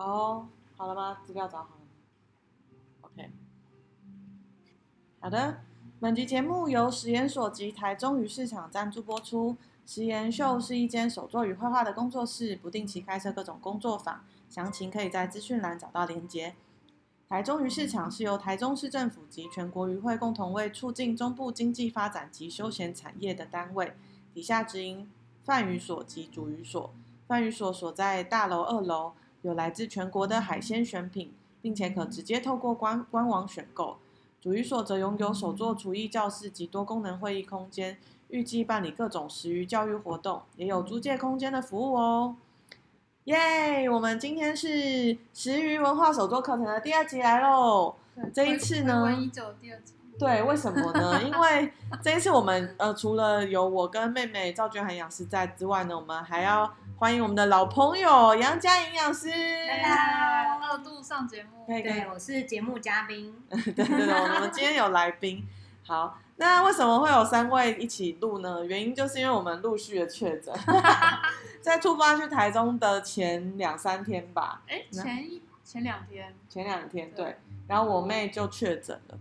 哦，oh, 好了嗎？資料找好了。OK，好的。本集節目由拾研所及台中魚市場贊助播出。拾研秀是一間手作與繪畫的工作室，不定期開設各種工作坊，詳情可以在資訊欄找到連結。台中魚市場是由台中市政府及全國漁會共同為促進中部經濟發展及休閒產業的單位，底下直營販魚所及煮魚所。販魚所所在大樓二樓。有來自全國的海鮮選品，並且可直接透過官官網選購。煮魚所則擁有手作廚藝教室及多功能會議空間，預計辦理各種食魚教育活動，也有租借空間的服務哦。耶、yeah,！我們今天是食魚文化手作課程的第二集來嘍。這一次呢？對，為什麼呢？因為這一次我們呃，除了有我跟妹妹趙娟涵營養師在之外呢，我們還要歡迎我們的老朋友楊佳營養師。對啊，再度上節目。對，我是節目嘉賓。 對對對，對，我們今天有來賓。好，那為什麼會有三位一起錄呢？原因就是因為我們陸續的確診， 在出發去台中的前兩三天吧。哎，前一前兩天，前兩天對。對，然後我妹就確診了。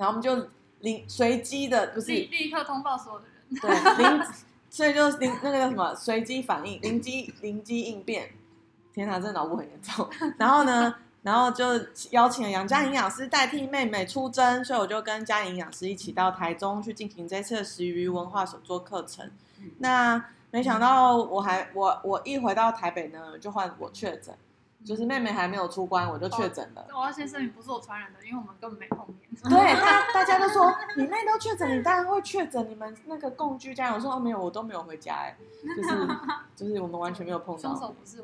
然後我們就臨隨機的，不是立刻通報所有的人，對， 所以就臨那個叫什麼隨機反應，臨機臨機應變。天哪、啊，真的腦部很嚴重。 然後呢，然後就邀請了楊佳瑩老師代替妹妹出征，所以我就跟佳營養師一起到台中去進行這次的食魚文化手作課程。那沒想到我還我我一回到台北呢，就換我確診。就是妹妹還沒有出關，我就確診了。王、哦哦、先生，你不是我傳染的，因為我們根本沒碰面。對，大家大家都說 你妹都確診，你當然會確診。你們那個共居家，我說哦沒有，我都沒有回家哎，就是就是我們完全沒有碰到。凶手不是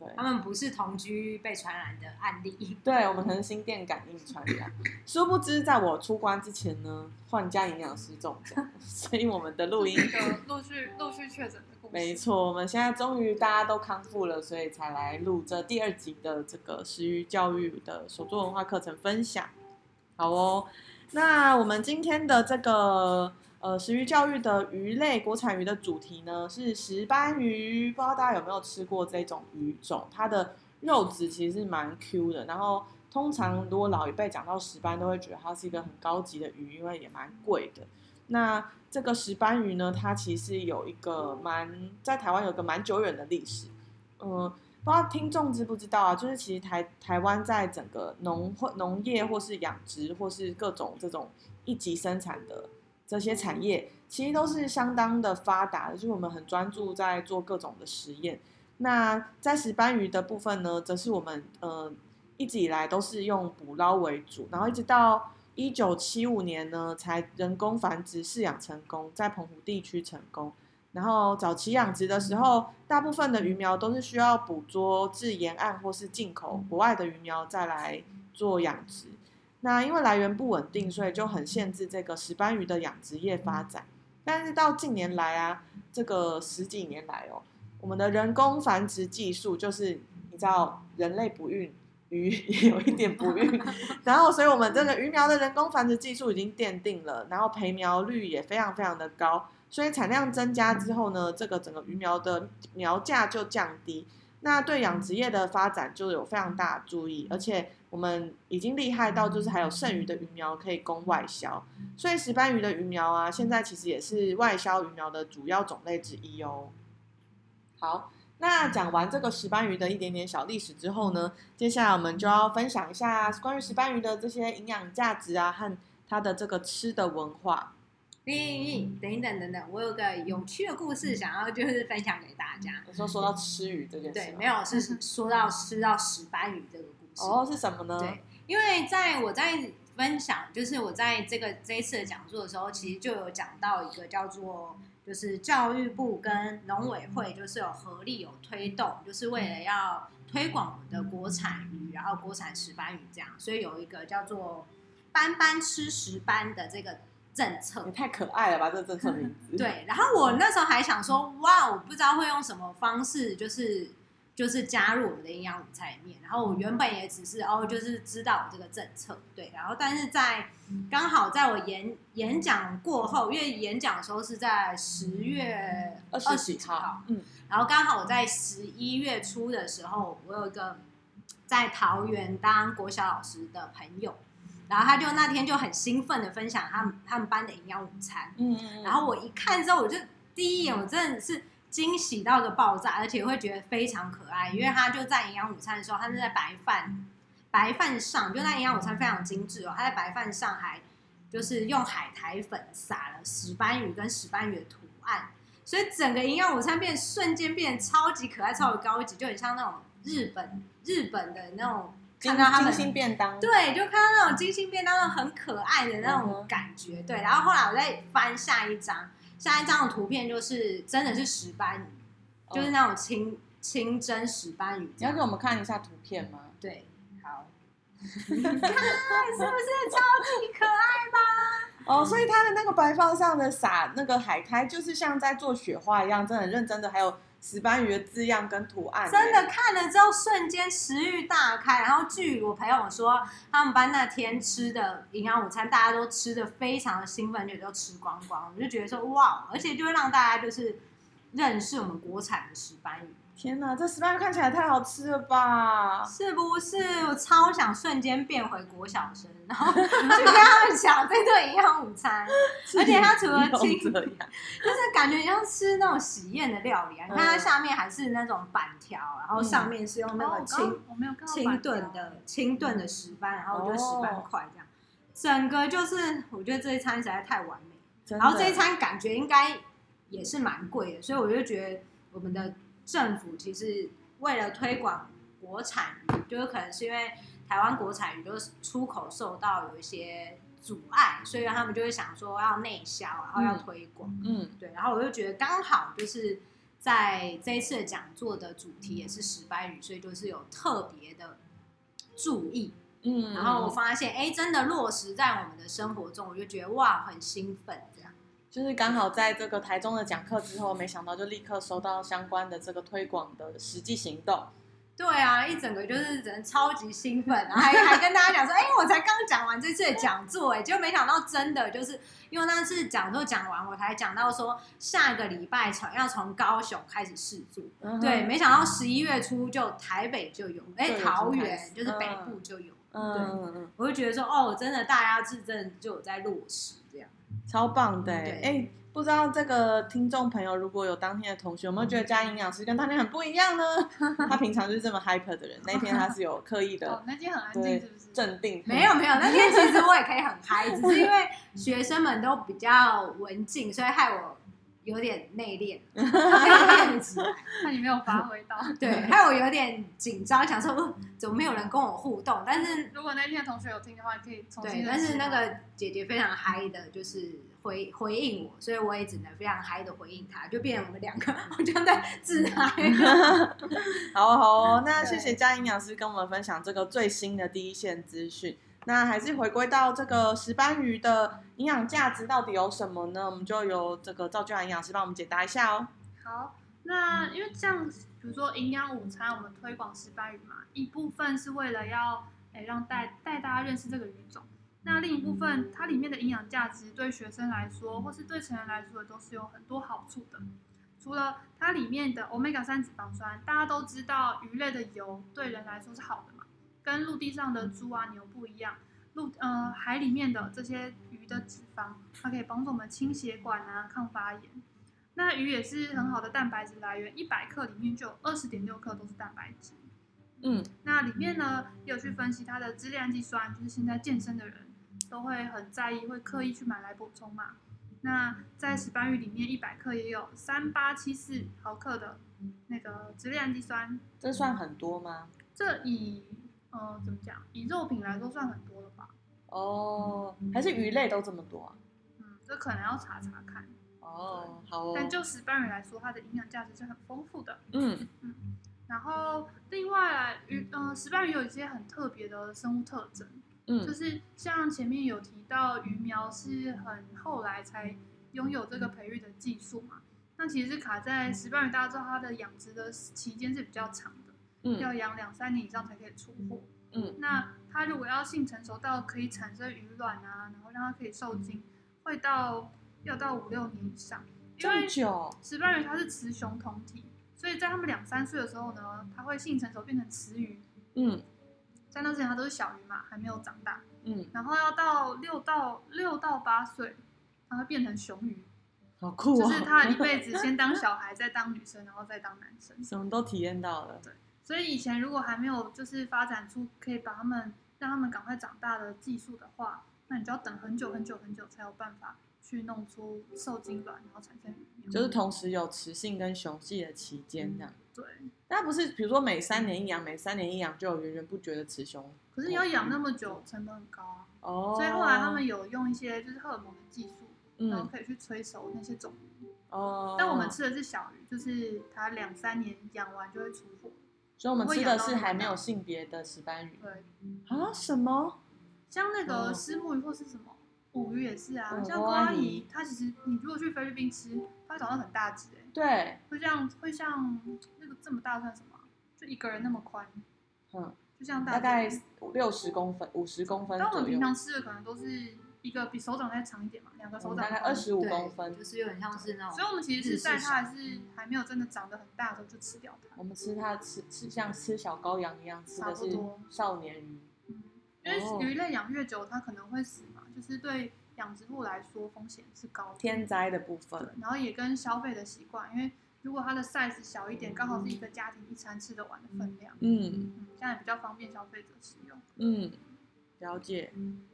我，對，他們不是同居被傳染的案例。對，我們可能心電感應傳染。 殊不知，在我出關之前呢，患家營養師重症。所以我們的錄音陸續陸續確診的。沒錯，我們現在終於大家都康復了，所以才來錄這第二集的這個食魚教育的手作文化課程分享。好哦，那我們今天的這個呃食魚教育的魚類國產魚的主題呢是石斑魚，不知道大家有沒有吃過這種魚種？它的肉質其實是蠻 Q 的。然後通常如果老一輩講到石斑，都會覺得它是一個很高級的魚，因為也蠻貴的。那這個石斑魚呢，它其實有一個蠻在台灣有一個蠻久遠的歷史，呃、嗯，不知道聽眾知不知道啊？就是其實台台灣在整個農或農業或是養殖或是各種這種一級生產的這些產業，其實都是相當的發達的，就是我們很專注在做各種的實驗。那在石斑魚的部分呢，則是我們呃一直以來都是用捕撈為主，然後一直到一九七五年呢，才人工繁殖飼養成功，在澎湖地區成功。然後早期養殖的時候，大部分的魚苗都是需要捕捉自沿岸或是進口國外的魚苗再來做養殖。那因為來源不穩定，所以就很限制這個石斑魚的養殖業發展。但是到近年來啊，這個十幾年來哦，我們的人工繁殖技術就是你知道人類不孕。魚也有一點不孕，然後所以我們這個魚苗的人工繁殖技術已經奠定了，然後培苗率也非常非常的高，所以產量增加之後呢，這個整個魚苗的苗價就降低，那對養殖業的發展就有非常大的助益，而且我們已經厲害到就是還有剩餘的魚苗可以供外銷，所以石斑魚的魚苗啊，現在其實也是外銷魚苗的主要種類之一哦。好。那講完這個石斑魚的一點點小歷史之後呢，接下來我們就要分享一下關於石斑魚的這些營養價值啊，和它的這個吃的文化。等一等、等、嗯、等、嗯嗯嗯嗯嗯嗯嗯，我有個有趣的故事想要就是分享給大家。你說，說到吃魚這件事，對，沒有，是說到吃到石斑魚這個故事。哦，是什麼呢？對，因為在我在分享，就是我在這個這一次的講座的時候，其實就有講到一個叫做。就是教育部跟農委會就是有合力有推動，就是為了要推廣我們的國產魚，然後國產石斑魚這樣，所以有一個叫做“斑斑吃石斑”的這個政策。也太可愛了吧這個政策名字 對，然後我那時候還想說，哇，我不知道會用什麼方式，就是。就是加入我們的營養午餐裡面，然後我原本也只是哦，就是知道這個政策對，然後但是在剛好在我演演講過後，因為演講的時候是在十月二十幾號、嗯、二十幾號，嗯，然後剛好我在十一月初的時候，我有一個在桃園當國小老師的朋友，然後他就那天就很興奮的分享他們他們班的營養午餐，嗯，嗯嗯，然後我一看之後，我就第一眼我真的是。驚喜到的爆炸，而且會覺得非常可愛，因為它就在營養午餐的時候，它是在白飯、嗯、白飯上，就在營養午餐非常精緻哦，它在白飯上還就是用海苔粉撒了石斑魚跟石斑魚的圖案，所以整個營養午餐變瞬間變得超級可愛、超級高級，就很像那種日本、嗯、日本的那種精精心便當，對，就看到那種精心便當那種很可愛的那種感覺，嗯、對。然後後來我再翻下一張。下一張的圖片就是真的是石斑魚，哦、就是那種清清蒸石斑魚。你要給我們看一下圖片嗎？對，好， 你看是不是超級可愛吧？哦，所以它的那個白飯上的撒那個海苔，就是像在做雪花一樣，真的很認真的。還有。石斑魚的字樣跟圖案，欸，真的看了之後瞬間食慾大開。然後據我朋友說，他們班那天吃的營養午餐，大家都吃的非常的興奮，就都吃光光。我就覺得說哇，而且就會讓大家就是認識我們國產的石斑魚。天哪，這石斑看起來太好吃了吧？是不是？我超想瞬間變回國小生， 然後去跟他們搶這頓營養午餐。而且它除了清，就是感覺像吃那種喜宴的料理，啊。你、嗯、看它下面還是那種板條，然後上面是用那個清、嗯哦、剛剛清燉的清燉的石斑，嗯、然後我覺得石斑塊這樣，哦、整個就是我覺得這一餐實在太完美。真的。然後這一餐感覺應該也是蠻貴的，所以我就覺得我們的。政府其實為了推廣國產魚，就是可能是因為台灣國產魚就是出口受到有一些阻礙，所以他們就會想說要內銷，然後要推廣。嗯，對。然後我就覺得剛好就是在這一次的講座的主題也是石斑魚，所以就是有特別的注意。嗯，然後我發現，哎、欸，真的落實在我們的生活中，我就覺得哇，很興奮這樣。就是剛好在這個台中的講課之後，沒想到就立刻收到相關的這個推廣的實際行動。對啊，一整個就是人超級興奮啊，然後還還跟大家講說，哎， 我才剛講完這次的講座，哎，就沒想到真的就是因為那次講座講完，我才講到說下個禮拜要從高雄開始試做，嗯、哼對，沒想到十一月初就台北就有，哎對，桃園、嗯、就是北部就有，對嗯，嗯我就覺得說，哦，真的大家是真的就有在落實。超棒的、欸！哎、嗯欸，不知道這個聽眾朋友如果有當天的同學，有沒有覺得加營養師跟當天很不一樣呢？他平常就是這麼嗨 r 的人，那天他是有刻意的，哦對哦、那天很安靜，是不是？鎮定。沒有沒有，那天其實我也可以很嗨， 只是因為學生們都比較文靜，所以害我。有點內斂，內斂型，那你沒有發揮到。對，還有我有點緊張，想說、嗯、怎麼沒有人跟我互動。但是如果那天的同學有聽的話，你可以重新。對，但是那個姐姐非常嗨的，就是回回應我，所以我也只能非常嗨的回應她，就變成我們兩個，好像在自嗨。 好好、哦，那謝謝佳穎營養師跟我們分享這個最新的第一線資訊。那還是回歸到這個石斑魚的營養價值到底有什麼呢？我們就由這個趙俊蘭營養師幫我們解答一下哦。好，那因為像比如說營養午餐，我們推廣石斑魚嘛，一部分是為了要哎、欸，讓帶帶大家認識這個魚種，那另一部分、嗯、它裡面的營養價值對學生來說，或是對成人來說都是有很多好處的。除了它裡面的歐米伽三脂肪酸，大家都知道魚類的油對人來說是好的嘛。跟陸地上的豬啊、嗯、牛不一樣，陸呃海裡面的這些魚的脂肪，它可以幫助我們清血管啊、抗發炎。那魚也是很好的蛋白質來源，一百克裡面就有二十點六克都是蛋白質。嗯，那裡面呢也有去分析它的支鏈氨基酸，就是現在健身的人都會很在意，會刻意去買來補充嘛。那在石斑魚裡面，一百克也有三八七四毫克的那個支鏈氨基酸，嗯嗯、這算很多嗎？這以哦、呃，怎麼講？以肉品來說，算很多了吧？哦、oh, 嗯，還是魚類都這麼多，啊？嗯，這可能要查查看。哦，好。但就石斑魚來說，它的營養價值是很豐富的。Mm. 嗯，嗯。然後另外，魚嗯、呃，石斑魚有一些很特別的生物特徵。嗯，mm. 就是像前面有提到，魚苗是很後來才擁有這個培育的技術嘛？那其實是卡在石斑魚，大家知道它的養殖的期間是比較長。要養兩三年以上才可以出貨。嗯，那它如果要性成熟到可以產生魚卵啊，然後讓它可以受精，嗯、會到要到五六年以上。這麼久？因為石斑魚它是雌雄同體，所以在它們兩三歲的時候呢，它會性成熟變成雌魚。嗯，在那之前它都是小魚嘛，還沒有長大。嗯，然後要到六到六到八歲，它會變成雄魚。好酷啊、哦！就是它一輩子先當小孩， 再當女生，然後再當男生。什麼都體驗到了。對。所以以前如果還沒有就是發展出可以把它們讓他們趕快長大的技術的話，那你就要等很久很久很久才有辦法去弄出受精卵，然後產生魚苗，就是同時有雌性跟雄性的期間這樣。對，那不是比如說每三年一養，每三年一養就有源源不絕的雌雄。可是你要養那麼久，成本很高啊。哦。所以後來他們有用一些就是荷爾蒙的技術，然後可以去催熟那些種魚。哦。但我們吃的是小魚，就是它兩三年養完就會出貨。所以我們吃的是還沒有性別的石斑魚。對，啊，什麼？像那個虱目魚或是什麼吳郭魚也是啊。嗯、像吳郭魚，她、嗯、其實你如果去菲律賓吃，它會長得很大隻，對，會像會像那個這麼大算什麼？就一個人那麼寬。嗯，就像大，大概六十公分、五十公分。但我們平常吃的可能都是。一個比手掌再長一點嘛，兩個手掌。大概二十五公分，對就是又很像是那種。所以我們其實是在它還是還沒有真的長得很大的時候就吃掉它。我們吃它吃吃像吃小羔羊一樣，嗯、吃的是少年差不多。少年魚。嗯，因為魚類養越久它可能會死嘛，哦、就是對養殖戶來說風險是高。天災的部分，然後也跟消費的習慣，因為如果它的 size 小一點，剛好是一個家庭一餐吃得完的分量。嗯嗯，這樣、嗯嗯、比較方便消費者使用。嗯，了解。嗯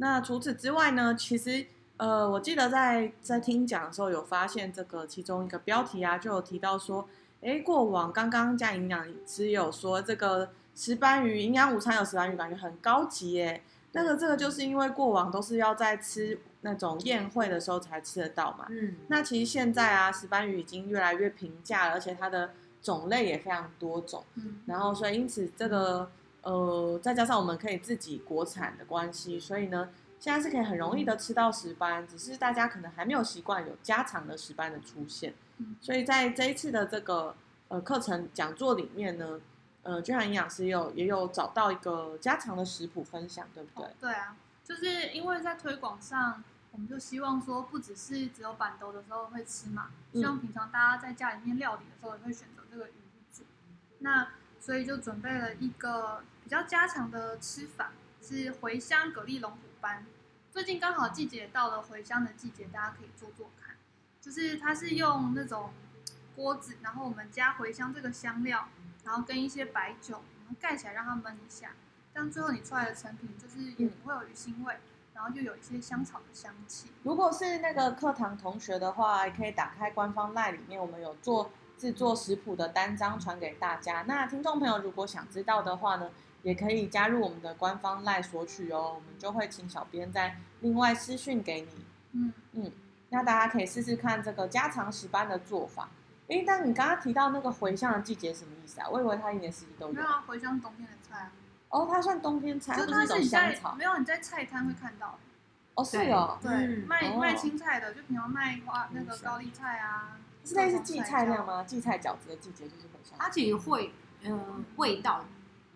那除此之外呢？其實，呃，我記得在在聽講的時候，有發現這個其中一個標題啊，就有提到說，哎，過往剛剛加營養師有說這個石斑魚營養午餐有石斑魚，感覺很高級耶。那個這個就是因為過往都是要在吃那種宴會的時候才吃得到嘛。嗯。那其實現在啊，石斑魚已經越來越平價了，而且它的種類也非常多種。嗯。然後，所以因此這個。呃，再加上我們可以自己國產的關係，所以呢，現在是可以很容易的吃到石斑，嗯、只是大家可能還沒有習慣有家常的石斑的出現。嗯、所以在這一次的這個呃課程講座裡面呢，呃，均衡營養師也有也有找到一個家常的食譜分享，對不對，哦？對啊，就是因為在推廣上，我們就希望說不只是只有辦桌的時候會吃嘛，希望、嗯、平常大家在家裡面料理的時候也會選擇這個魚種。那所以就準備了一個比較家常的吃法，是茴香蛤蜊龍虎斑。最近剛好季節到了茴香的季節，大家可以做做看。就是它是用那種鍋子，然後我們加茴香這個香料，然後跟一些白酒，然後蓋起來讓它燜一下。這樣最後你出來的成品就是也不會有魚腥味，然後就有一些香草的香氣。如果是那個課堂同學的話，可以打開官方 LINE 裡面，我們有做。製作食譜的單張傳給大家。那聽眾朋友如果想知道的話呢，也可以加入我們的官方 LINE 索取哦，我們就會請小編再另外私訊給你。嗯嗯，那大家可以試試看這個家常石斑的做法。哎，但你剛剛提到那個茴香的季節什麼意思啊？我以為它一年四季都有。沒有啊，茴香冬天的菜啊。哦，它算冬天菜就它是在，就是一種香草。沒有，你在菜攤會看到。哦，是哦，對，對。嗯。賣、賣青菜的，就比如賣花那個高麗菜啊。現在是薺菜量嗎？薺菜餃子的季節就是很像，它其實會，嗯，味道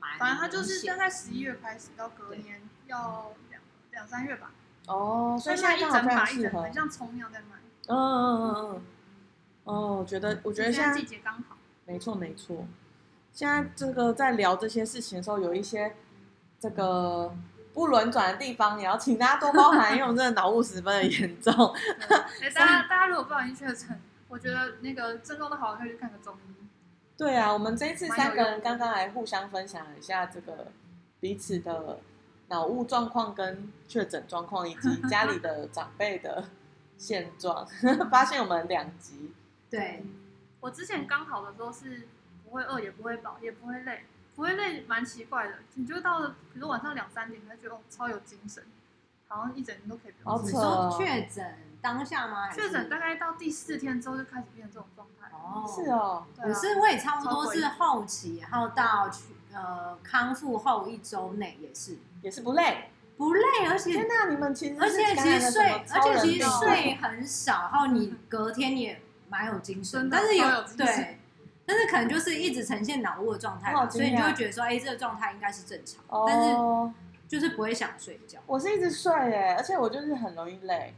蠻，反正它就是大概十一月開始到隔年要兩兩三月吧。哦，所以現在一整把一整很像蔥一樣在賣。嗯嗯嗯嗯。哦，我覺得我覺得現在季節剛好，沒錯沒錯。現在這個在聊這些事情的時候，有一些這個不輪轉的地方，也要請大家多包涵，因為我們真的腦霧十分的嚴重。大家大家如果不小心去。確認。我覺得那個症狀都好，可以去看個中醫。對啊，我們這一次三個人剛剛來互相分享一下這個彼此的腦霧狀況、跟確診狀況，以及家裡的長輩的現狀。 發現我們兩級。對，嗯、我之前剛好的時候是不會餓，也不會飽，也不會累，不會累蠻奇怪的。你就到了，比如晚上兩三點，你會覺得我、哦、超有精神。好像一整天都可以。你說確診當下嗎？確診大概到第四天之後就開始變成這種狀態。哦，是哦。對啊。我是我也差不多是後期，然後到呃康復後一週內也是，也是不累，不累，而且天哪你們其實而且其實睡，而且其實睡很少，然後你隔天也蠻有精神，但是有對，但是可能就是一直呈現腦霧的狀態，所以你就會覺得說，哎，這個狀態應該是正常，但是。就是不會想睡覺，我是一直睡哎、欸，而且我就是很容易累。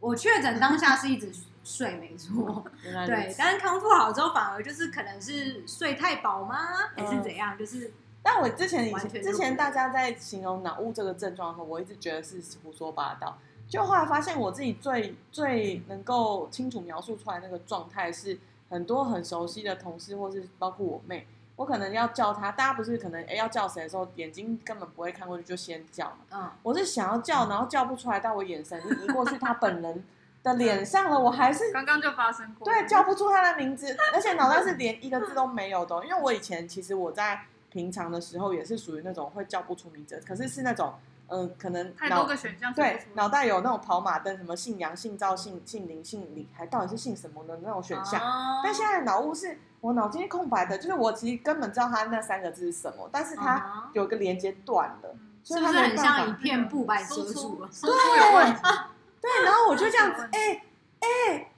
我確診當下是一直睡， 睡沒錯。原來就是、對，但是康復好之後，反而就是可能是睡太飽嗎？嗯、還是怎樣？就是。但我之前以前完全之前大家在形容腦霧這個症狀的時候，我一直覺得是胡說八道。就後來發現我自己最最能夠清楚描述出來的那個狀態，是很多很熟悉的同事，或是包括我妹。我可能要叫他，大家不是可能誒要叫誰的時候，眼睛根本不會看過去，就先叫嘛。嗯，我是想要叫，然後叫不出來，但我眼神就移過去他本人的臉上了，嗯，我還是剛剛就發生過，對，叫不出他的名字，而且腦袋是連一個字都沒有的，因為我以前其實我在平常的時候也是屬於那種會叫不出名字，可是是那種。嗯，可能腦太多個選項，對，腦袋有那種跑馬燈，什麼姓楊、姓趙、姓姓林、姓李，還到底是姓什麼的那種選項。啊、但現在的腦霧是，我腦筋空白的，就是我其實根本不知道他那三個字是什麼，但是他有一個連接斷了，嗯、所以是不是很像一片布白遮住。白，失主對，啊、對，然後我就這樣子，哎、欸、哎，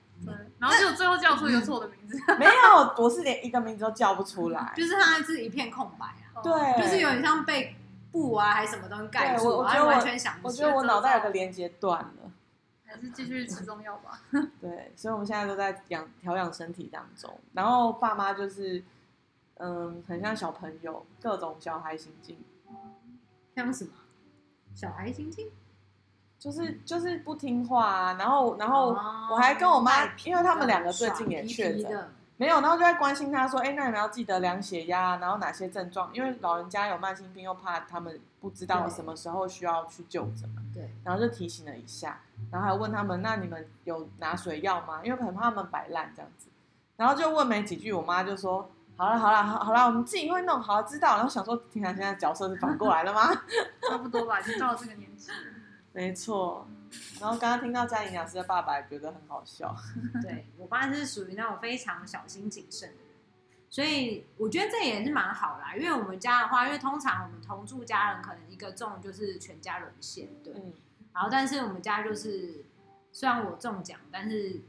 然後就最後叫出一個錯的名字，嗯、那沒有，我是連一個名字都叫不出來，嗯、就是他是一片空白啊，對，就是有點像被。布啊，還是什麼東西蓋住？我還完全想不起，我覺得我腦袋有個連結斷了，還是繼續吃中藥吧。 對，所以我們現在都在養調養身體當中。然後爸媽就是，嗯，很像小朋友，各種小孩心境。嗯、像什麼？小孩心境？就是就是不聽話啊。然後然後我還跟我媽，因為他們兩個最近也確診。沒有，然後就在關心他說：“哎，那你們要記得量血壓，然後哪些症狀？因為老人家有慢性病，又怕他們不知道什麼時候需要去就診。”對，然後就提醒了一下，然後還問他們：“那你們有拿水藥嗎？”因為可能怕他們擺爛這樣子，然後就問沒幾句，我媽就說：“好了，好了，好了，我們自己會弄，好知道。”然後想說，天哪，現在角色是反過來了嗎？ 差不多吧，就到這個年紀。沒錯，然後剛剛聽到家營老師的爸爸也覺得很好笑。對，我爸是屬於那種非常小心謹慎的人，所以我覺得這也是蠻好啦。因為我們家的話，因為通常我們同住家人可能一個中就是全家淪陷，對。嗯，然後，但是我們家就是雖然我中獎，但是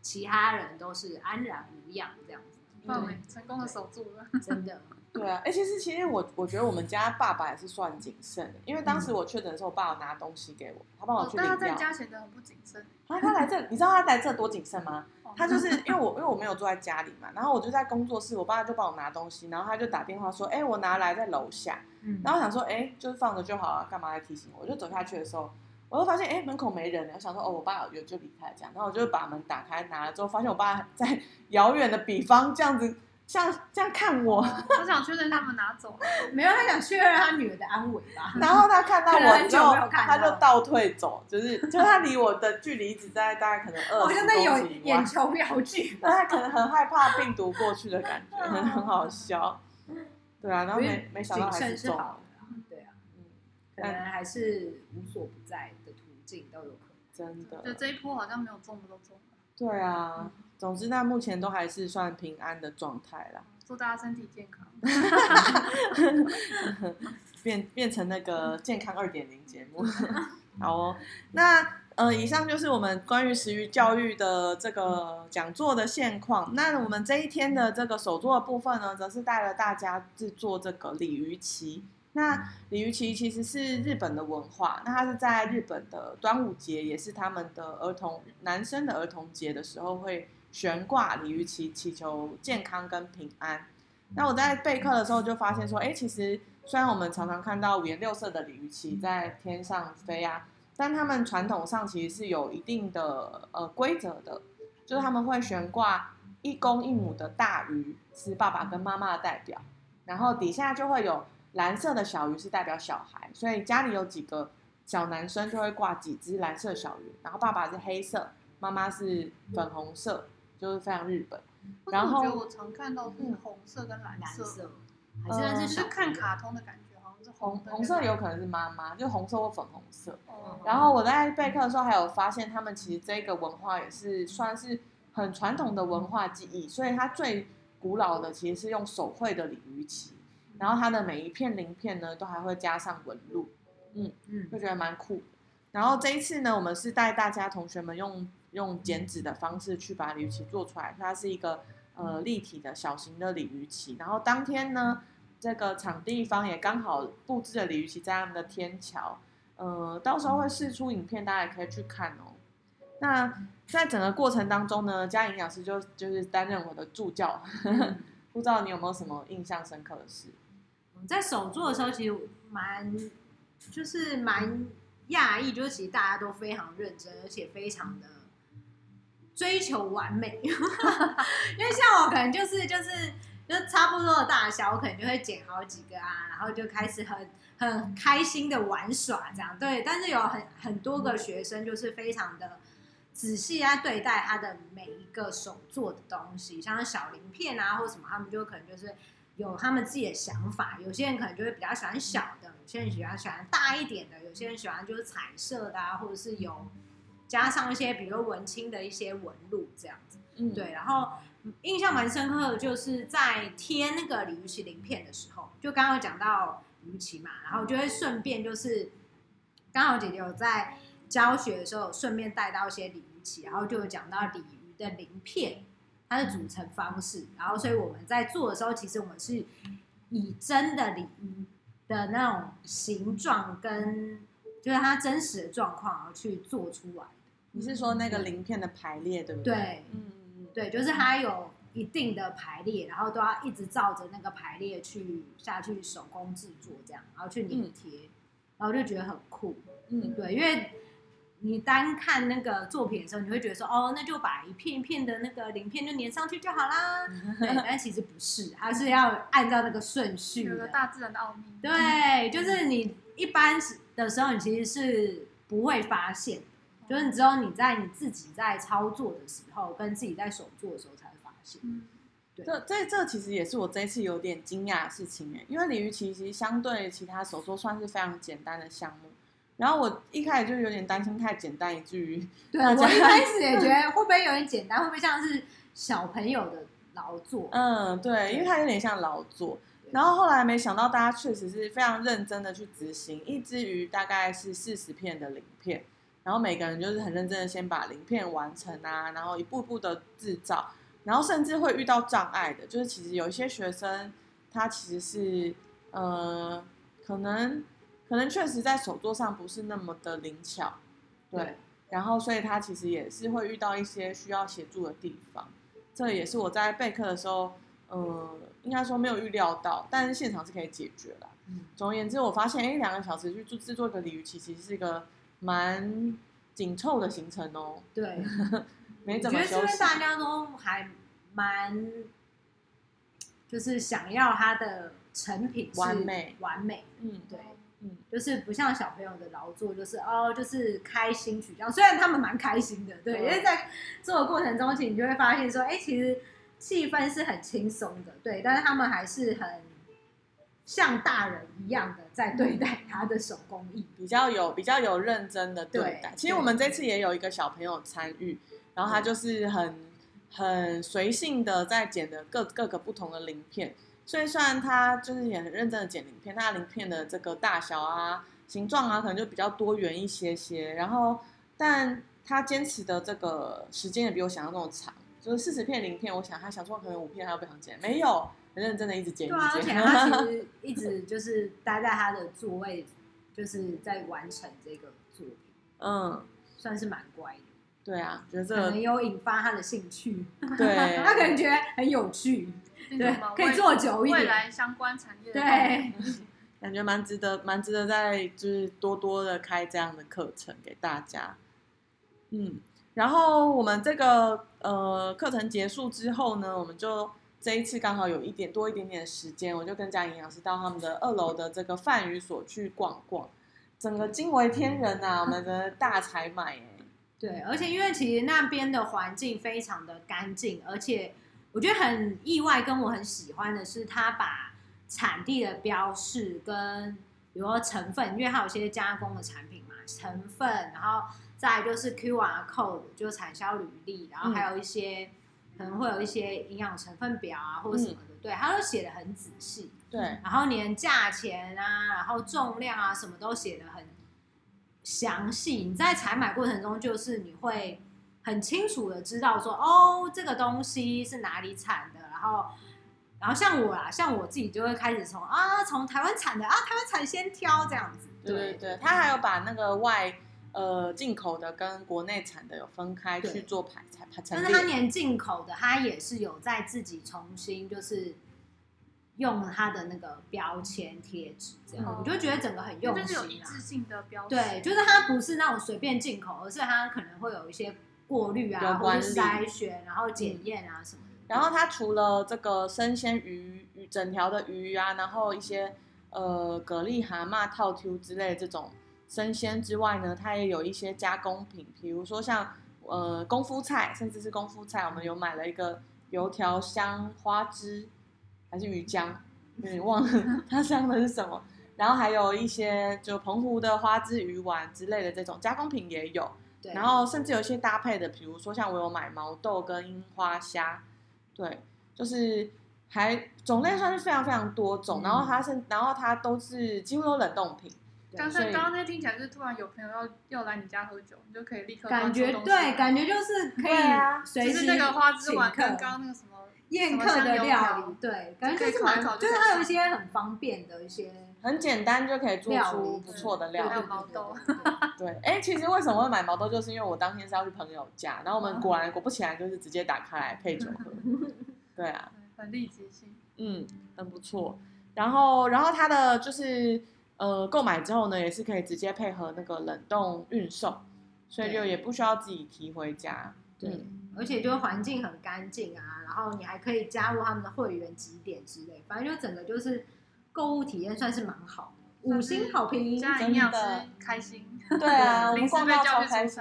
其他人都是安然無恙這樣子，對，成功的守住了，真的。對啊，哎、欸，其實其實我我覺得我們家爸爸還是算謹慎的，因為當時我確診的時候，我爸有拿東西給我，他幫我去領。哦、但他在家顯得很不謹慎。他、啊、他來這，你知道他來這多謹慎嗎？他就是因為我因為我沒有坐在家裡嘛，然後我就在工作室，我爸爸就幫我拿東西，然後他就打電話說：“哎、欸，我拿來在樓下。”然後我想說：“哎、欸，就是放着就好啊，幹嘛來提醒我？”我就走下去的時候，我就發現：“哎、欸，門口沒人了。”，我想說：“哦，我爸有就離開這樣。”然後我就把門打開，拿了之後，發現我爸在遙遠的彼方，這樣子。像這樣看我、嗯，我想確認他們拿走，沒有，他想確認他女兒的安危吧。 然後他看到我，到他就倒退走，就是就他離我的距離只在大概可能二米。我現在有眼球瞄距， 他可能很害怕病毒過去的感覺，啊、很好笑。對啊，然後沒以沒想到還是中是的啊，啊嗯、看可能還是無所不在的途徑都有可能。真的，就這一波好像沒有中的都中了。對啊。總之，那目前都還是算平安的狀態啦。祝大家身體健康，變變成那個健康二點零節目。好哦，那呃，以上就是我們關於食魚教育的這個講座的現況。那我們這一天的這個手作的部分呢，則是帶了大家製作這個鯉魚旗。那鯉魚旗其實是日本的文化，那它是在日本的端午節，也是他們的兒童男生的兒童節的時候會。懸掛鯉魚旗祈求健康跟平安。那我在備課的時候就發現說，哎，欸,其實雖然我們常常看到五顏六色的鯉魚旗在天上飛啊,但他們傳統上其實是有一定的呃規則的,就是他們會懸掛一公一母的大魚，是爸爸跟媽媽的代表，然後底下就會有藍色的小魚是代表小孩，所以家裡有幾個小男生就會掛幾隻藍色小魚，然後爸爸是黑色，媽媽是粉紅色。就是非常日本，嗯、然後我覺得我常看到是紅色跟藍色，還是、嗯、是，是看卡通的感覺，嗯、好像是紅紅，紅色有可能是媽媽，嗯、就紅色或粉紅色。嗯、然後我在備課的時候還有發現，他們其實這個文化也是算是很傳統的文化記憶，嗯、所以它最古老的其實是用手繪的鯉魚旗，嗯、然後它的每一片鱗片呢都還會加上紋路，嗯嗯，就覺得蠻酷。然後這一次呢，我們是帶大家同學們用。用剪紙的方式去把鯉魚旗做出來，它是一個呃立體的小型的鯉魚旗，然後當天呢，這個場地方也剛好布置了鯉魚旗在他們的天橋，呃，到時候會釋出影片，大家也可以去看哦。那在整個過程當中呢，佳穎老師就就是擔任我的助教呵呵，不知道你有沒有什麼印象深刻的事？在手做的時候，其實蠻就是蠻訝異，就是其實大家都非常認真，而且非常的。追求完美， 因為像我可能就是就是就差不多的大小，我可能就會剪好幾個啊，然後就開始很很開心的玩耍這樣對。但是有很很多個學生就是非常的仔細啊對待他的每一個手做的東西，像小鱗片啊或什麼，他們就可能就是有他們自己的想法。有些人可能就會比較喜歡小的，有些人喜歡喜歡大一點的，有些人喜歡就是彩色的，啊，或者是有。加上一些，比如文青的一些紋路這樣子，嗯，對。然後印象蠻深刻的，就是在貼那個鯉魚鰭鱗片的時候，就剛剛講到魚鰭嘛，然後就會順便就是，剛好姐姐有在教學的時候，順便帶到一些鯉魚鰭，然後就有講到鯉魚的鱗片它的組成方式，然後所以我們在做的時候，其實我們是以真的鯉魚的那種形狀跟就是它真實的狀況然後去做出來。你是說那個鱗片的排列對不對？對，嗯，對，就是它有一定的排列，然後都要一直照着那個排列去下去手工製作這樣，然後去粘貼，嗯，然後就覺得很酷，嗯，對，因為你單看那個作品的時候，你會覺得說哦，那就把一片一片的那個鱗片就粘上去就好啦。但其實不是，它是要按照那個順序的，有個大自然的奧秘。對，就是你一般的時候，你其實是不會發現。就是你只有你在你自己在操作的時候，跟自己在手做的時候才會發現。嗯，對。這這這其實也是我這一次有點驚訝的事情哎，因為鯉魚其實相對其他手作算是非常簡單的項目。然後我一開始就有點擔心太簡單，以至於，對，我一開始也覺得會不會有點簡單，會不會像是小朋友的勞作？嗯，對，對，因為它有點像勞作。對然後後來沒想到大家確實是非常認真的去執行，一只魚大概是四十片的鱗片。然後每個人就是很認真的先把鱗片完成啊，然後一步步的製造，然後甚至會遇到障礙的，就是其實有一些學生他其實是，呃，可能可能確實在手作上不是那麼的靈巧，對，對，然後所以他其實也是會遇到一些需要協助的地方，這也是我在備課的時候，呃，應該說沒有預料到，但是現場是可以解決的。嗯，總而言之，我發現哎，兩個小時去做制作一個鯉魚其實是一個。蠻緊湊的行程哦，對， 沒怎麼休息，我覺得這邊大家都還蠻，就是想要他的成品完美，的完美，完美對，嗯，對，嗯，就是不像小朋友的勞作，就是哦，就是開心取消，雖然他們蠻開心的，對，對因為在做的過程中，你就會發現說，哎、欸，其實氣氛是很輕鬆的，對，但是他們還是很。像大人一樣的在對待他的手工藝，比較有比較有認真的對待。對其實我們這次也有一個小朋友參與，對對對對，然後他就是很很隨性的在剪的各各個不同的鱗片，所以雖然他就是也很認真的剪鱗片，他的鱗片的這個大小啊、形狀啊，可能就比較多元一些些。然後，但他堅持的這個時間也比我想象中長，就是四十片鱗片，我想他想說可能五片他都不想剪，沒有。反正真的一直剪一直剪，對啊，而且他其實一直就是待在他的座位，就是在完成這個作品，嗯，算是蠻乖的。對啊，覺得就是這個可能有引發他的興趣，對 他感覺很有趣，對，可以做久一點。未來相關產業，對，感覺蠻值得，蠻值得在就是多多的開這樣的課程給大家。嗯，然後我們這個呃課程結束之後呢，我們就。這一次剛好有一點多一點點時間，我就跟家營養師到他們的二樓的這個販魚所去逛逛，整個驚為天人吶、啊！我們的大採買、嗯，對，而且因為其實那邊的環境非常的乾淨，而且我覺得很意外，跟我很喜歡的是，他把產地的標示跟比如說成分，因為還有一些加工的產品嘛，成分，然後再就是 QR code，就產銷履歷，然後還有一些。可能會有一些營養成分表啊，或者什麼的，嗯、對，它都寫的很仔細。對，然後連價錢啊，然後重量啊，什麼都寫的很詳細。你在採買過程中，就是你會很清楚的知道說，哦，這個東西是哪裡產的，然後，然後像我啊，像我自己就會開始從啊，從台灣產的啊，台灣產先挑這樣子。對對，對對，他還有把那個外。嗯呃，進口的跟國內產的有分開去做排產排產，列但是它連進口的，它也是有在自己重新就是用了它的那個標籤貼紙，這樣我、嗯、就覺得整個很用心、啊嗯、是有，一致性的標，對，就是它不是那種隨便進口，而是它可能會有一些過濾啊，有關或者篩選，然後檢驗啊什麼的、嗯。然後它除了這個生鮮魚，魚整條的魚啊，然後一些呃蛤蜊、蛤蟆、套球之類這種。生鮮之外呢，它也有一些加工品，比如說像呃功夫菜，甚至是功夫菜，我們有買了一個油條香花枝，還是魚漿，嗯，忘了 它香的是什麼。然後還有一些就澎湖的花枝魚丸之類的這種加工品也有。對，然後甚至有一些搭配的，比如說像我有買毛豆跟櫻花蝦，對，就是還種類算是非常非常多種。嗯，然後它是，然後它都是幾乎都冷凍品。剛剛那聽起來就是突然有朋友要要來你家喝酒，你就可以立刻感覺對，感覺就是可以時啊。就是那個花枝丸跟剛剛那個什麼宴客的料理，料理對，感覺就是蠻就，就是它有一些很方便的一些，很簡單就可以做出理不錯的料理。對，哎對、欸，其實為什麼會買毛豆，就是因為我當天是要去朋友家，然後我們果然果不其然就是直接打開來配酒喝。 對啊，很立即性，嗯，很不錯。然後，然後它的就是。呃，購買之後呢，也是可以直接配合那個冷凍運送，所以就也不需要自己提回家。對，對，而且就環境很乾淨啊，然後你還可以加入他們的會員集點之類，反正就整個就是購物體驗算是蠻好的，是五星好評，樣營的，是開心。對啊，我們逛到超開心。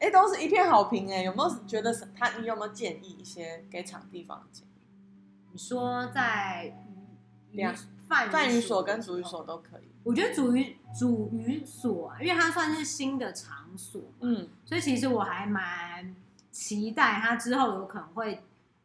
哎， 都是一片好評哎，有沒有覺得他？你有沒有建議一些給場地方的建議？你說在兩。嗯樣販魚所跟煮魚所都可以，我覺得煮魚煮魚所、啊，因為它算是新的場所，嗯，所以其實我還蠻期待它之後有可能會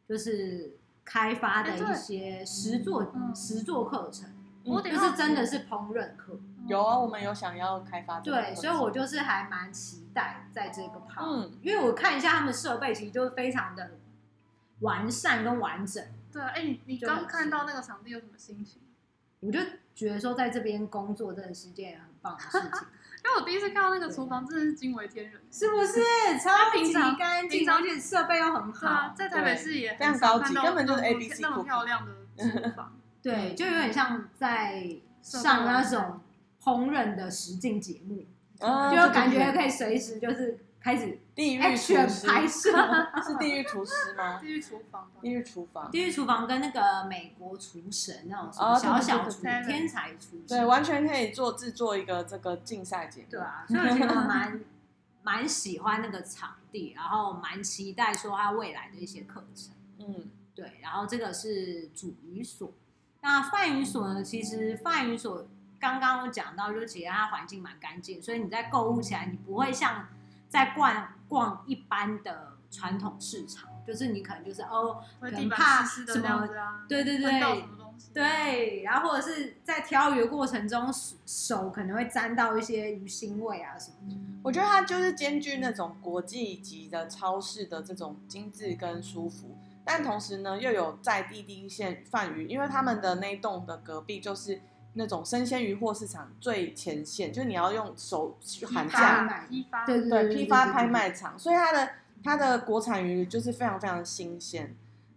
就是開發的一些實作、欸嗯、實作課程，嗯，就是真的是烹飪課。嗯，有啊，我們有想要開發的，對，所以我就是還蠻期待在這個旁，嗯，因為我看一下他們設備其實就非常的完善跟完整。對啊，哎、欸，你你剛看到那個場地有什麼心情？我就覺得說，在這邊工作真的是件很棒的事情， 因為我第一次看到那個廚房對，真的是驚為天人，是不是？超級乾淨，乾淨而且設備又很好，好，在台北市也非常高級，根本就是 A B C 那種漂亮的廚房。對，對就有點像在上那種烹飪的實境節目，嗯、就感覺可以隨時就是開始。地獄廚師、欸、是，是地獄廚師嗎？ 地獄廚房，地獄廚房，地獄廚房跟那個美國廚神那種什麼，、哦、小小廚對對對對，天才廚師、師，對，完全可以做制作一個這個競賽節目。對啊，所以我覺得蠻蠻 喜歡那個場地，然後蠻期待說他未來的一些課程。嗯，對，然後這個是煮魚所，那販魚所呢？其實販魚所剛剛我講到，就其實它環境蠻乾淨，所以你在購物起來，你不會像。在逛逛一般的傳統市場，就是你可能就是哦，濕濕的啊、怕什麼？對對對，啊、對，然後或者是在挑魚的過程中手可能會沾到一些魚腥味啊什麼的。嗯、我覺得它就是兼具那種國際級的超市的這種精緻跟舒服，但同時呢又有在地第一線販魚，因為他們的那一棟的隔壁就是。那種生鮮魚貨市場最前線，就你要用手去喊價，批發。對對對，對，對，對，對，對，對，批發拍賣場，所以它的它的國產魚就是非常非常新鮮，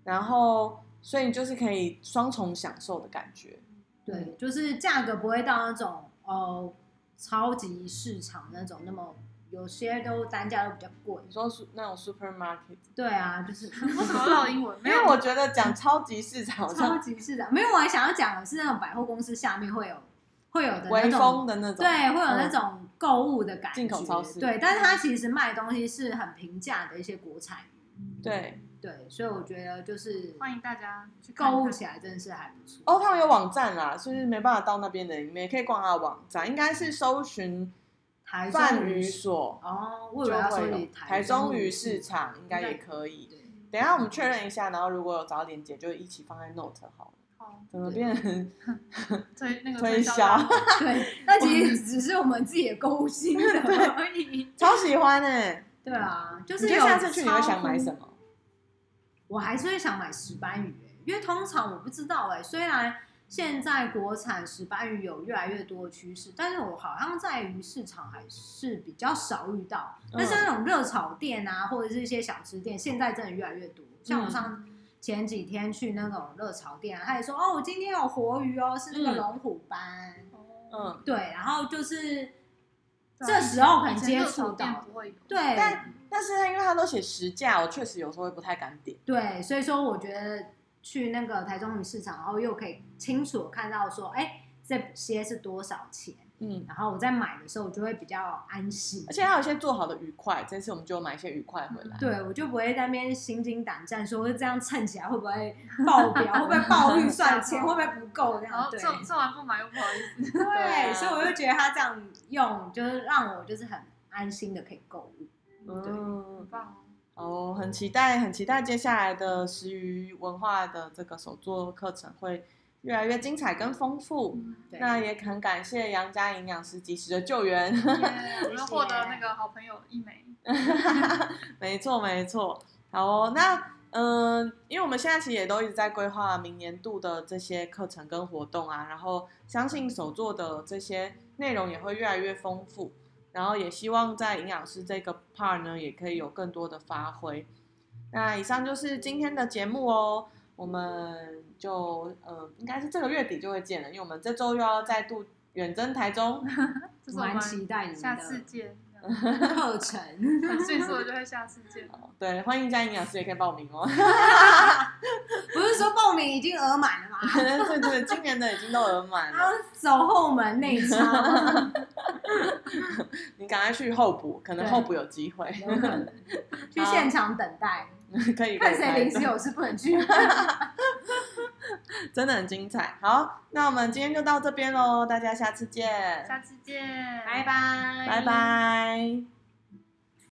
然後所以你就是可以雙重享受的感覺，對，嗯、就是價格不會到那種哦、呃、超級市場那種那麼。有些都單價都比較貴，你說是那種 supermarket？對啊，就是為什麼報英文？ 因為我覺得講超級市場，超級市場，沒有，我還想要講的是那種百貨公司下面會有會有的那種，微風的那種，對，會有那種購物的感覺，嗯、進口超市，對，但是它其實賣東西是很平價的一些國產，對對，所以我覺得就是歡迎大家去看看，購物起來，真的是還不錯。哦、他們有網站啦，所以沒辦法到那邊的，你們也可以逛他的網站，應該是搜尋。台中販魚所哦，就會有台中魚市場應該也可以。對，等下我們確認一下，然後如果有早點鏈就一起放在 note 好。怎麼變推推銷？對，那其實只是我們自己的勾心。對，超喜歡哎。對啊，就是有。你下次去你會想買什麼？我還是會想買石斑魚，因為通常我不知道哎，雖然。現在國產石斑魚有越來越多的趨勢，但是我好像在魚市場還是比較少遇到。嗯、但是那種熱炒店啊，或者是一些小吃店，現在真的越來越多。像我上前幾天去那種熱炒店、啊，嗯、他也說：“哦，我今天有活魚哦，是那個龍虎斑。嗯”嗯，對。然後就是這時候很接觸到，對。對對，但但是它因為它都寫實價，我確實有時候會不太敢點。對，所以說我覺得。去那個台中魚市場，然後又可以清楚看到說，哎，這些是多少錢？嗯，然後我在買的時候，我就會比較安心。而且還有一些做好的魚塊，這次我們就買一些魚塊回來、嗯。對，我就不會在那邊心驚膽戰說，說這樣稱起來會不會爆表， 會不會爆預算錢，錢 會不會不夠這樣？然後做做完不買又不好意思。對， 對啊、所以我就覺得他這樣用，就是讓我就是很安心的可以購物。嗯，哦，oh, 很期待，很期待接下來的食魚文化的這個手作課程會越來越精彩跟豐富。嗯、那也很感謝楊佳瑩老師及時的救援，yeah, 我們獲得那個好朋友一枚。 沒錯沒錯，好、哦，那嗯、呃，因為我們現在其實也都一直在規劃明年度的這些課程跟活動啊，然後相信手作的這些內容也會越來越豐富。然後也希望在營養師這個 part 呢，也可以有更多的發揮。那以上就是今天的節目哦，我們就呃應該是這個月底就會見了，因為我們這週又要再度遠征台中，這是蠻期待你們的，下次見。課 程，所以說我就會下次見。對，歡迎加營養師也可以報名哦。 不是說報名已經額滿了嗎？ 對對,對，今年的已經都額滿了。啊，走後門那一參那一招， 你趕快去候補，可能候補有機會。 對 去現場等待， 看誰臨時有事不能去。 真的很精彩，好，那我們今天就到這邊嘍，大家下次見，下次見，拜拜，拜拜。